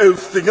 El señor